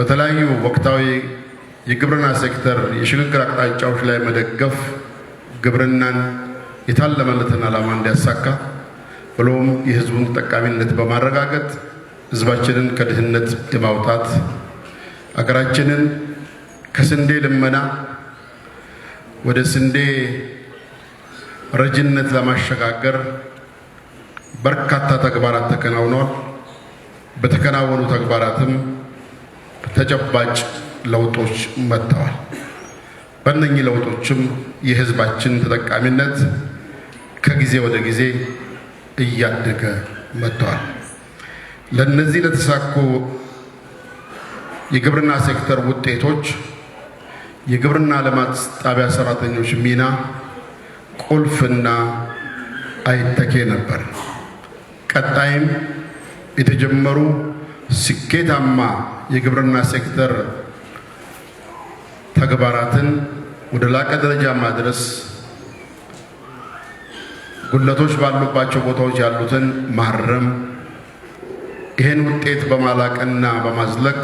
በተለያዩ ወቅታዊ የግብርና ሴክተር የሽግግር አቅጣጫዎች ላይ መደገፍ ግብርናን የታለመለትን ዓላማ እንዲያሳካ ብሎም የህዝቡን ተጠቃሚነት በማረጋገጥ ህዝባችንን ከድህነት የማውጣት አገራችንን ከስንዴ ልመና ወደ ስንዴ ረጅነት ለማሸጋገር በርካታ ተግባራት ተከናውነዋል። በተከናወኑ ተግባራትም ተጨባጭ ለውጦች መጥተዋል። በእነኚህ ለውጦችም የህዝባችን ተጠቃሚነት ከጊዜ ወደ ጊዜ እያደገ መጥተዋል። ለእነዚህ ለተሳኩ የግብርና ሴክተር ውጤቶች የግብርና ልማት ጣቢያ ሰራተኞች ሚና ቁልፍና አይተኬ ነበር። ቀጣይም የተጀመሩ ስኬታማ የግብርና ሴክተር ተግባራትን ወደ ላቀ ደረጃ ማድረስ፣ ጉለቶች ባሉባቸው ቦታዎች ያሉትን ማረም፣ ይህን ውጤት በማላቅና በማዝለቅ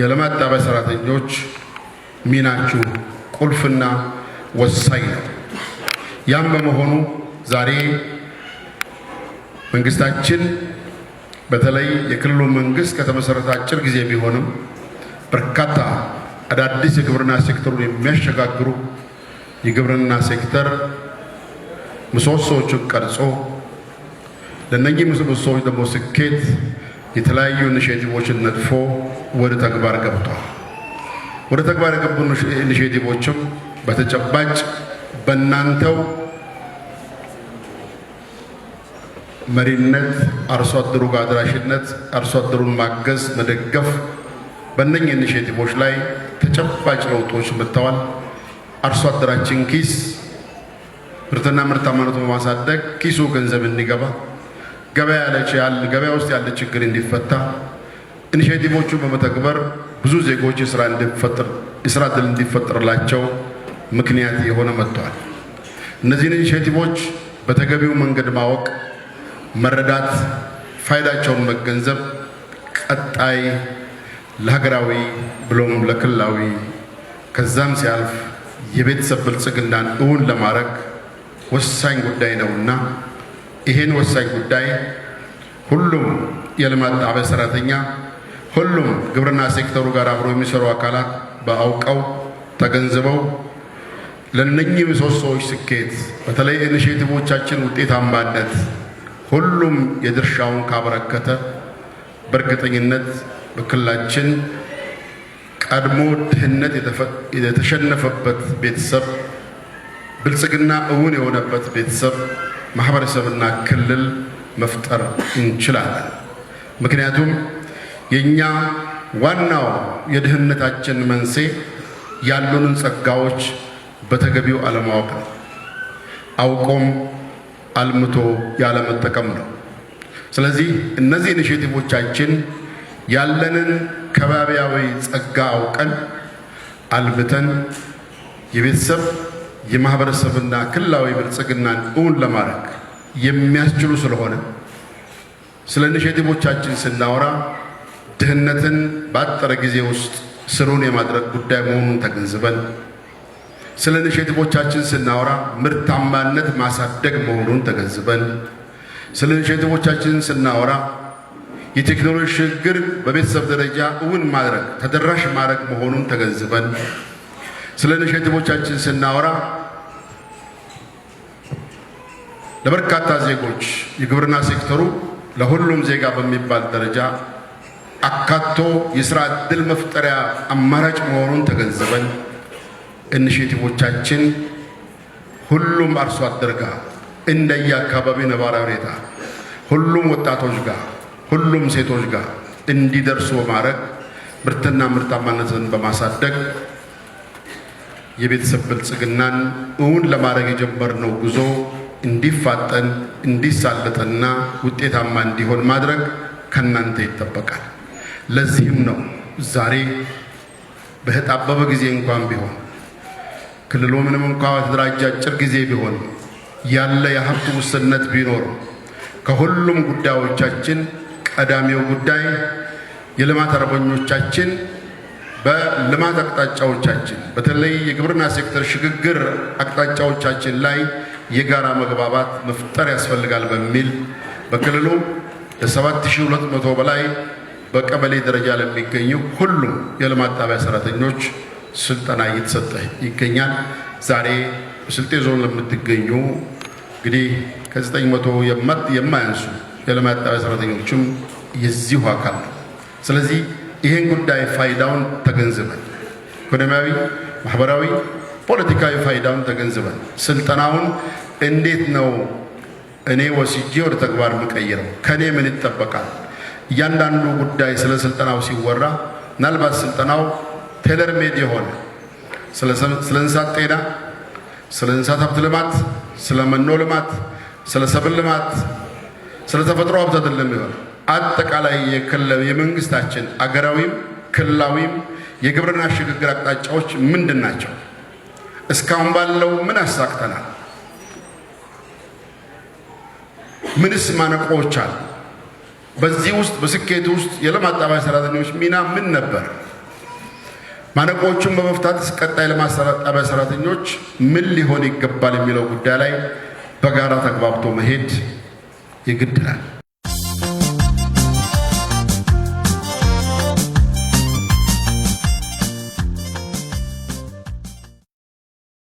የልማት ጣቢያ ሰራተኞች ሚናችሁ ቁልፍና ወሳኝ ነው። ያም በመሆኑ ዛሬ መንግስታችን በተለይ የክልሉ መንግስት ከተመሰረተ አጭር ጊዜ ቢሆንም በርካታ አዳዲስ የግብርና ሴክተሩን የሚያሸጋግሩ የግብርና ሴክተር ምሰሶዎቹን ቀርጾ ለእነኚህ ምሰሶዎች ደግሞ ስኬት የተለያዩ ኢኒሼቲቮችን ነድፎ ወደ ተግባር ገብቷል። ወደ ተግባር የገቡ ኢኒሼቲቮችም በተጨባጭ በእናንተው መሪነት፣ አርሶ አደሩ ጋር አድራሽነት፣ አርሶ አደሩን ማገዝ፣ መደገፍ በእነኚህ ኢኒሼቲቮች ላይ ተጨባጭ ለውጦች መጥተዋል። አርሶ አደራችን ኪስ ምርትና ምርታማነቱን በማሳደግ ኪሱ ገንዘብ እንዲገባ ገበያ ውስጥ ያለ ችግር እንዲፈታ ኢኒሼቲቮቹን በመተግበር ብዙ ዜጎች የስራ እድል እንዲፈጠርላቸው ምክንያት የሆነ መጥተዋል። እነዚህን ኢኒሼቲቮች በተገቢው መንገድ ማወቅ መረዳት፣ ፋይዳቸውን መገንዘብ ቀጣይ ለሀገራዊ ብሎም ለክልላዊ ከዛም ሲያልፍ የቤተሰብ ብልጽግናን እውን ለማድረግ ወሳኝ ጉዳይ ነውና ይህን ወሳኝ ጉዳይ ሁሉም የልማት ጣቢያ ሰራተኛ፣ ሁሉም ግብርና ሴክተሩ ጋር አብሮ የሚሰሩ አካላት በአውቀው ተገንዝበው ለነኚህ ምሰሶዎች ስኬት በተለይ ኢኒሼቲቮቻችን ውጤታማነት ሁሉም የድርሻውን ካበረከተ በእርግጠኝነት በክልላችን ቀድሞ ድህነት የተሸነፈበት ቤተሰብ ብልጽግና እውን የሆነበት ቤተሰብ ማህበረሰብና ክልል መፍጠር እንችላለን። ምክንያቱም የእኛ ዋናው የድህነታችን መንስኤ ያሉንን ጸጋዎች በተገቢው አለማወቅ ነው። አውቆም አልምቶ ያለመጠቀም ነው። ስለዚህ እነዚህ ኢኒሼቲቮቻችን ያለንን ከባቢያዊ ጸጋ አውቀን አልምተን የቤተሰብ የማህበረሰብና ክልላዊ ብልጽግናን እውን ለማድረግ የሚያስችሉ ስለሆነ ስለ ኢኒሼቲቮቻችን ስናወራ ድህነትን ባጠረ ጊዜ ውስጥ ስሩን የማድረግ ጉዳይ መሆኑን ተገንዝበን ስለ ኢኒሼቲቮቻችን ስናወራ ምርታማነት ማሳደግ መሆኑን ተገንዝበን ስለ ኢኒሼቲቮቻችን ስናወራ የቴክኖሎጂ ሽግግር በቤተሰብ ደረጃ እውን ማድረግ ተደራሽ ማድረግ መሆኑን ተገንዝበን ስለ ኢኒሼቲቮቻችን ስናወራ ለበርካታ ዜጎች የግብርና ሴክተሩ ለሁሉም ዜጋ በሚባል ደረጃ አካቶ የስራ እድል መፍጠሪያ አማራጭ መሆኑን ተገንዝበን ኢኒሼቲቮቻችን ሁሉም አርሶ አደር ጋር እንደየአካባቢ ነባራዊ ሁኔታ ሁሉም ወጣቶች ጋር ሁሉም ሴቶች ጋር እንዲደርሱ በማድረግ ምርትና ምርታማነትን በማሳደግ የቤተሰብ ብልጽግናን እውን ለማድረግ የጀመርነው ጉዞ እንዲፋጠን እንዲሳለጥና ውጤታማ እንዲሆን ማድረግ ከእናንተ ይጠበቃል። ለዚህም ነው ዛሬ በተጣበበ ጊዜ እንኳን ቢሆን ክልሉ ምንም እንኳ በተደራጀ አጭር ጊዜ ቢሆን ያለ የሀብት ውስንነት ቢኖር ከሁሉም ጉዳዮቻችን ቀዳሚው ጉዳይ የልማት አርበኞቻችን በልማት አቅጣጫዎቻችን በተለይ የግብርና ሴክተር ሽግግር አቅጣጫዎቻችን ላይ የጋራ መግባባት መፍጠር ያስፈልጋል በሚል በክልሉ ከ7200 በላይ በቀበሌ ደረጃ ለሚገኙ ሁሉም የልማት ጣቢያ ሰራተኞች ስልጠና እየተሰጠ ይገኛል። ዛሬ ስልጤ ዞን ለምትገኙ እንግዲህ ከዘጠኝ መቶ የማያንሱ የልማት ጣቢያ ሰራተኞችም የዚሁ አካል ነው። ስለዚህ ይህን ጉዳይ ፋይዳውን ተገንዝበን ኢኮኖሚያዊ፣ ማህበራዊ፣ ፖለቲካዊ ፋይዳውን ተገንዝበን ስልጠናውን እንዴት ነው እኔ ወስጄ ወደ ተግባር የምቀይረው? ከእኔ ምን ይጠበቃል? እያንዳንዱ ጉዳይ ስለ ስልጠናው ሲወራ ምናልባት ስልጠናው ቴለር ሜድ የሆነ ስለ እንስሳት ጤና፣ ስለ እንስሳት ሀብት ልማት፣ ስለ መኖ ልማት፣ ስለ ሰብል ልማት፣ ስለ ተፈጥሮ ሀብት አይደለም የሆነ አጠቃላይ የመንግስታችን አገራዊም ክልላዊም የግብርና ሽግግር አቅጣጫዎች ምንድን ናቸው? እስካሁን ባለው ምን አሳክተናል? ምንስ ማነቆዎች አሉ? በዚህ ውስጥ በስኬት ውስጥ የልማት ጣቢያ ሰራተኞች ሚና ምን ነበር? ማነቆቹን በመፍታት ቀጣይ ልማት ጣቢያ ሰራተኞች ምን ሊሆን ይገባል የሚለው ጉዳይ ላይ በጋራ ተግባብቶ መሄድ ይግድላል።